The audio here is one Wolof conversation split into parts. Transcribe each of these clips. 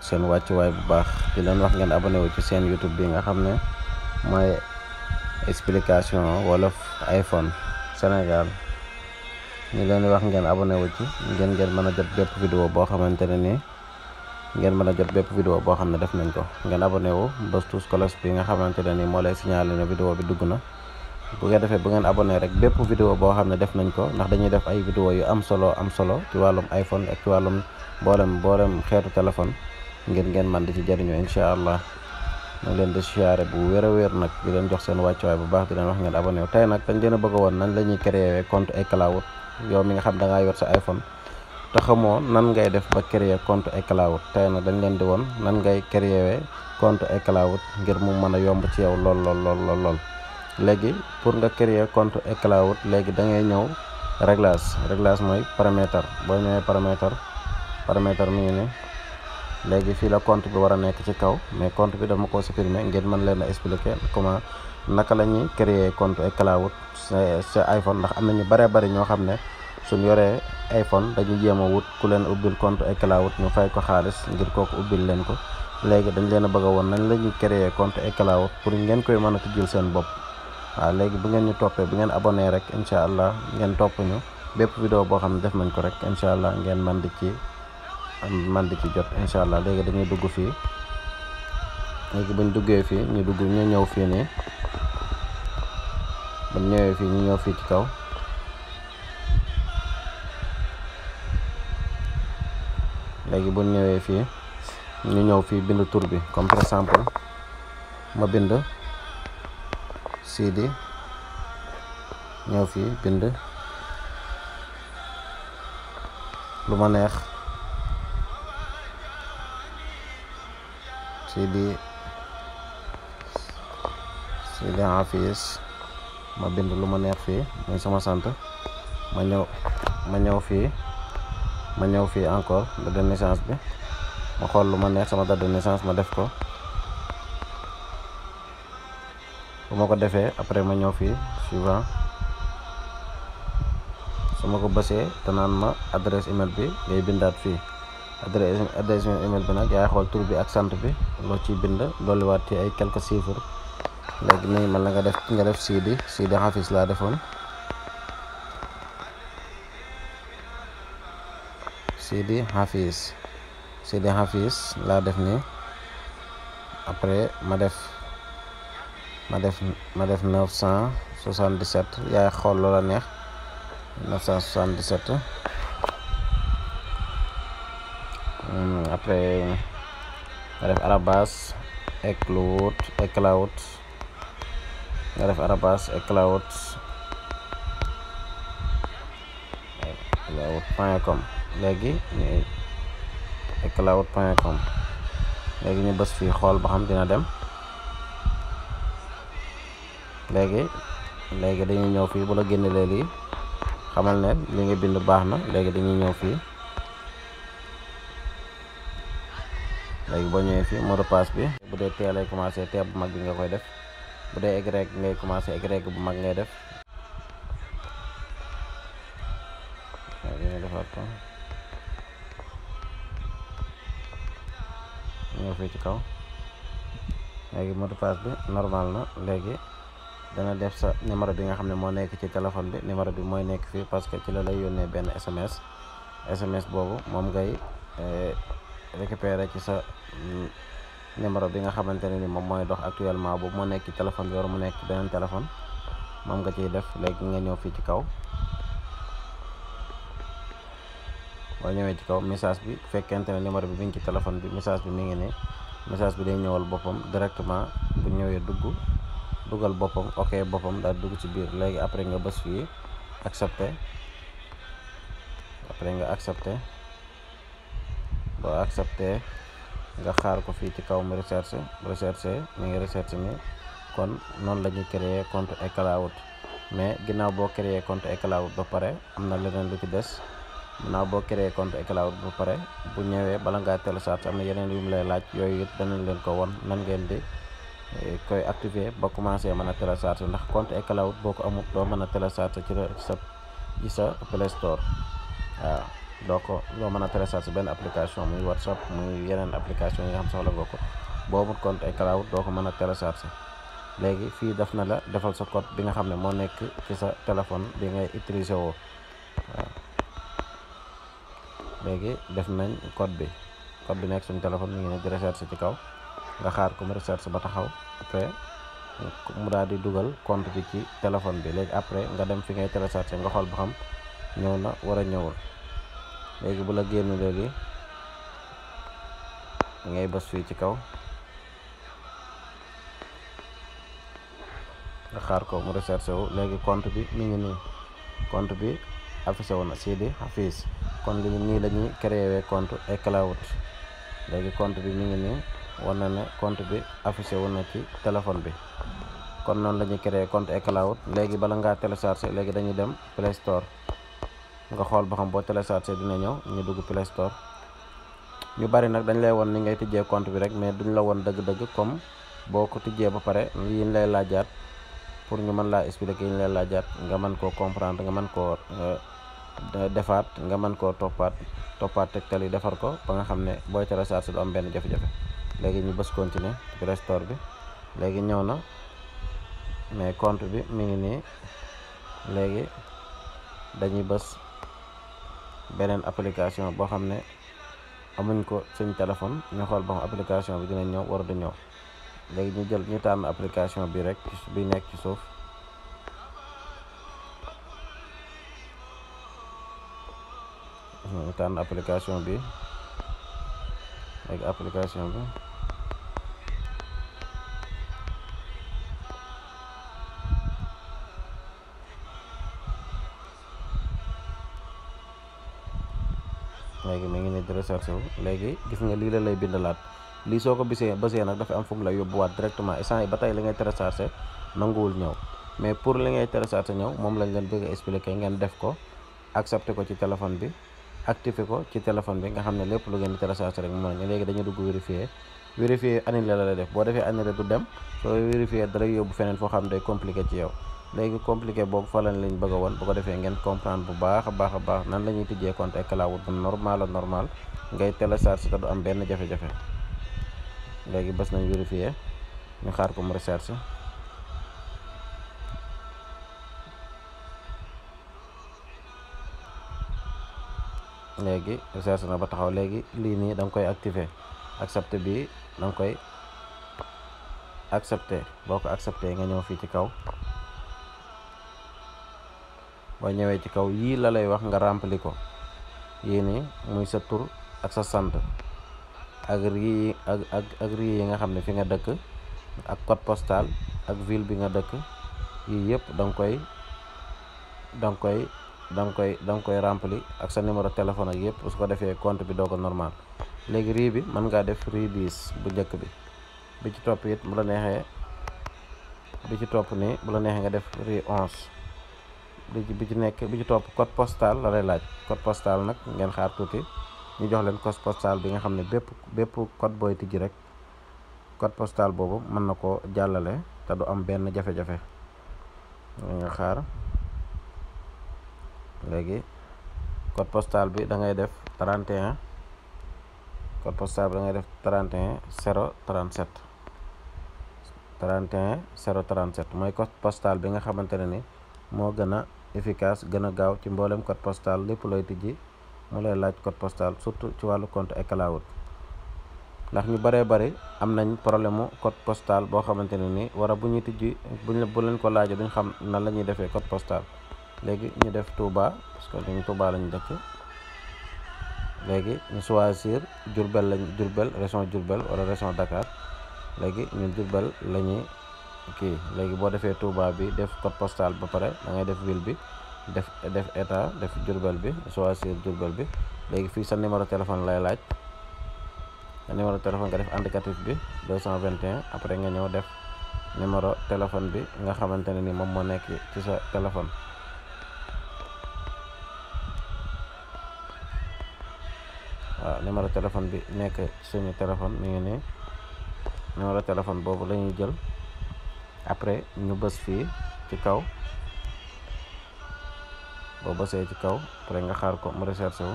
seen wàccuwaay bu baax di leen wax ngeen abonné wu ci seen YouTube bi nga xam ne mooy explication wolof iPhone Sénégal ñu leen wax ngeen abonné wu ci ngeen ngeen mën a jot bépp vidéo boo xamante ne nii ngeen mën a jot bépp vidéo boo xam ne def nañ ko ngeen abonné wu bés tous kolos bi nga xamante ne nii moo lay signalé ne vidéo bi dugg na bu ngeen defee bu ngeen abonné rek bépp vidéo boo xam ne def nañ ko ndax dañuy def ay vidéo yu am solo am solo ci wàllum iPhone ak ci wàllum mboolem mboolem xeetu téléphone ngir ngeen man di ci jariñoo incha allah ñu leen di siyaare bu wér a wér nag di leen jox seen wàccuwaay bu baax di leen wax ngeen abonné wu tey nag dañ leen a bëgg a woon nan la ñuy créer compte yow mi nga xam da ngaa yor sa iPhone te xamoo nan ngay def ba créer compte iCloud tey nag dañ leen di woon nan ngay créer compte iCloud ngir mu mën a yomb ci yow lool lool lool lool léegi pour nga créer conte iCloud léegi da ngay ñëw réglage réglage mooy paramètre boo ñëwee paramètre paramètre mi ngi ne léegi fii la conte bi war a nekk ci kaw mais compte bi dama ko supprimer ngeen mën leen a expliquer naka la ñuy créer compte iCloud sa iPhone ndax am na ñu bare bari ñoo xam ne suñ yoree iPhone dañu jéem a wut ku leen ubbil compte iCloud ñu fay ko xaalis ngir kooku ubbil leen ko léegi dañ leen a bëgg woon nañ la ñuy créer compte iCloud pour ngeen koy mën a tijjil seen bopp waaw léegi bu ngeen ñu toppee bu ngeen abonné rek incha allah ngeen topp ñu bépp vidéo boo xam ne def nañ ko rek incha allah ngeen man di ci man di ci jot incha allah léegi dañuy dugg fii léegi buñ duggee fii ñu dugg ñu ñëw fii nii buñ ñëwee fii ñu ñëw fii ci kaw léegi buñ ñëwee fii ñu ñëw fii bind tur bi comme par exemple ma bind Sidi ñëw fii bind lu ma neex Sidi Sidi Hafiz ma bind lu ma neex fii muy sama sant ma ñëw ma ñëw fii ma ñëw fii encore date de naissance bi ma xool lu ma neex sama date de naissance ma def ko bu ma ko defee après ma ñëw fii suivant su ma ko basee te naan ma adresse email bi ngay bindaat fii adresse adresse email bi nag yaay xool tur bi ak sant bi loo ciy bind dolliwaat ci ay quelques chiffres léegi nañ man la nga def nga def Sidi Sidi Xafis laa defoon Sidi Xafis Sidi Xafis laa def nii après ma def ma def cent ma def 977 yaay xool loola neex 977 après nga def arabas ecloud ecloud nga def arabas ecloud ecloud point com léegi ñu ecloud point ñu bës fii xool ba xam dina dem léegi léegi dañuy ñëw fii bu la génne lii xamal ne li nga bind baax na léegi dañuy ñëw fii léegi boo ñëwee fii mot bi bu dee T lay commencé T bu mag bi nga koy def bu dee Y ngay commencé Y bu mag ngay def ñëw fii ci kaw léegi mot de passe bi normal na léegi dana def sa numéro bi nga xam ne moo nekk ci téléphone bi numéro bi mooy nekk fii parce que ci la lay yónnee benn SMS SMS boobu moom ngay eh, récupérer ci sa numéro bi nga xamante ne ni moom mooy dox actuellement boobu moo nekk ci téléphone bi mu nekk ci beneen téléphone moom nga ciy def léegi nga ñëw fii ci kaw boo ñëwee ci kaw message bi fekkente ne numéro bi mu ngi ci téléphone bi message bi mi ngi ne message bi day ñëwal boppam directement bu ñëwee dugg dugal boppam ok boppam daal dugg ci biir léegi après nga bës fii accepté après nga accepté boo accepté nga xaar ko fii ci kaw mu recherche recherche mi ngi recherche mi kon noonu la ñuy créer conte iCloud mais ginnaaw boo créer compte iCloud ba pare am na leneen lu ci des ginnaaw boo créer compte iCloud ba pare bu ñëwee bala ngaa télécharge am na yeneen yu mu lay laaj yooyu it danañ leen ko won nan ngeen di eh, koy activer ba commencé mën a télécharge ndax compte iCloud boo ko amut doo mën a télécharge ci sa ci sa Play Store doo ko doo mën a télécharger benn application muy whatsapp mu yeneen application yi nga xam soxla nga ko boo amul compte iCloud doo ko mën a télécharger léegi fii def na la defal sa code bi nga xam ne moo nekk ci sa téléphone bi ngay utiliser woo waaw def nañ code bi code bi nekk suñu téléphone mi ngi ne di recherche ci kaw nga xaar ko mu recherche ba taxaw après mu daal di dugal compte bi ci téléphone bi léegi après nga dem fi ngay télécharger nga xool bu xam ñëw na war a ñëwul léegi bu la génn léegi ngay bës fii ci kaw nga xaar ko mu recherché wu léegi compte bi mi ngi nii compte bi affiché wu na Sidi Hafiz kon li nii la ñuy créer compte eCloud léegi compte bi mu ngi nii war na ne compte bi affiché wu na ci téléphone bi kon noonu la ñuy créer compte eCloud léegi bala ngaa télécharger léegi dañuy dem Play Store nga xool ba xam boo téléchargé dina ñëw ñu dugg Play Store ñu bari nag dañ lay won ni ngay tijjee compte bi rek mais duñ la won dëgg-dëgg comme boo ko tijjee ba pare yi ñu lay laajaat pour ñu mën laa expliquer yi ñu lay laajaat nga mën koo comprendre nga mën koo euh, defaat nga mën koo toppaat toppaat tegtal yi defar ko ba nga xam ne booy téléchargé du am benn jafe-jafe léegi ñu bës continuer Play Store bi léegi ñëw na mais compte bi mi ngi nii léegi dañuy bës beneen application boo xam ne amuñ ko suñ téléphone ñu xool ba xam application bi dina ñëw war du ñëw léegi ñu jël ñu tànn application bi rek bi nekk ci suuf ñu tànn application bi léegi application bi recherche wu léegi gis nga lii la lay bindalaat lii soo ko bisee basee nag dafa am fu mu lay yóbbuwaat directement instant ba tey li ngay téléchargé nanguwul ñëw mais pour li ngay téléchargé ñëw moom lañ leen bëgg a expliqué ngeen def ko accepté ko ci téléphone bi activé ko ci téléphone bi nga xam ne lépp lu ngeen di téléchargé rek mu mën léegi dañu dugg vérifier vérifier annulé la lay def boo defee annulé du dem soo vérifier dara yóbbu feneen foo xam day compliqué ci yow léegi compliqué boobu falan lañ bëgg woon bu ko defee ngeen comprendre bu baax a baax a baax nan lañuy ñuy tijjee compte ak cloud bu normal a normal ngay télécharge te du am benn jafe-jafe léegi bés nañ vérifier ñu xaar ko mu recherche léegi recherche na ba taxaw léegi lii nii da nga koy activer accepté bi da nga koy accepté boo ko accepté nga ñëw fii ci kaw boo ñëwee ci kaw yii lalay wax nga rempli ko yii nii muy sa tur ak sa sant ak rii ak ak ak yi nga xam ne fi nga dëkk ak code postal ak ville bi nga dëkk yii yëpp da koy da koy da koy da koy rempli ak sa numéro téléphone ak yëpp su ko defee compte bi doo ko normal léegi rii bi mën ngaa def rii diis bu njëkk bi bi ci topp yit bu la neexee bi ci topp nii bu la neexee nga def rii onze bi ci nekk bi ci topp code postal la lay laaj code postal nag ngeen xaar tuuti ñu jox leen code postal bi nga xam ne bépp bépp code booy tijji rek code postal boobu mën na koo jàllale te du am benn jafe-jafe nga xaar léegi code postal bi da ngay def 31 code postal bi da ngay def 31 037 31 037 mooy code postal bi nga xamante ne ni moo gën a efficace gën a gaaw ci mboolem code postal lépp looy tijji mu lay laaj code postal surtout ci wàllu compte ay cloud ndax ñu bëree bëri am nañ problème mu code postal boo xamante ne ni wara bu ñuy tijji buñ bu leen ko laajee duñ xam nan la ñuy defee code postal léegi ñu def Touba parce que dañu Touba lañu dëkk léegi ñu choisir Diourbel lañ Diourbel région Diourbel wala région Dakar léegi ñun Diourbel la kii léegi boo defee Touba bi def code postal ba pare da ngay def ville bi def def état def Diourbel bi choisir Diourbel bi léegi fii sa numéro téléphone lay laaj sa numéro téléphone def indicatif bi 221 après nga ñëw def numéro téléphone bi nga xamante ne ni moom moo nekk ci sa téléphone waaw numéro téléphone bi nekk suñu téléphone mi ngi nii numéro téléphone boobu la ñuy jël après ñu bës fii ci kaw boo bësee ci kaw après nga xaar ko mu recherché wu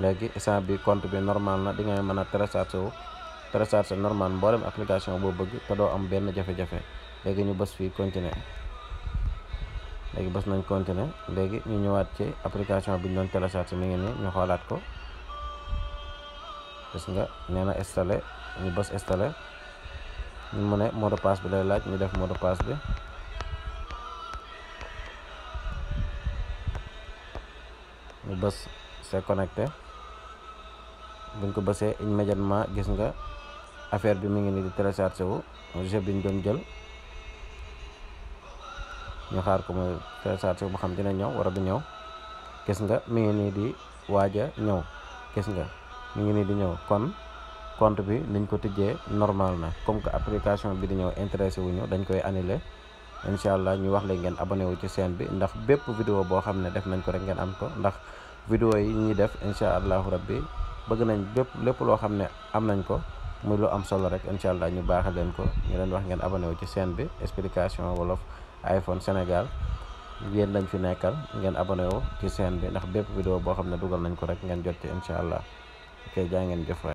léegi instant bi compte bi normal na di ngay mën a téléchargé wu téléchargé normal mboolem application boo bëgg te doo am benn jafe-jafe léegi ñu bës fii continuer léegi bës nañ continuer léegi ñu ñëwaat ci application bi ñu doon téléchargé mi ngi nii ñu xoolaat ko gis nga nee na installé ñu bës installé ñun mu ne mot de bi lay laaj ñu def mot de bi ñu bës c'est connecté buñ ko bësee immédiatement gis nga affaire bi mu ngi nii di téléchargé wu jeu bi ñu doon jël ñu xaar ko mu téléchargé wu ba xam dina ñëw wara du ñëw gis nga mi ngi nii di waaj a ñëw gis nga mu ngi nii di ñëw kon compte bi liñ ko tijjee normal na comme que application bi di ñëw intéressé wuñu dañ koy annulé incha allah ñu wax leen ngeen abonné wu ci chaîne bi ndax bépp vidéo boo xam ne def nañ ko rek ngeen am ko ndax vidéo yi ñuy def incha allahu rabbi bëgg nañ bépp lépp loo xam ne am nañ ko muy lu am solo rek incha allah ñu baaxal leen ko ñu leen wax ngeen abonné ci chaîne bi explication wolof iPhone Sénégal yéen lañ fi nekkal ngeen abonné wu ci chaîne bi ndax bépp vidéo boo xam ne dugal nañ ko rek ngeen jot ci incha allah ok jaa ngeen jëf waay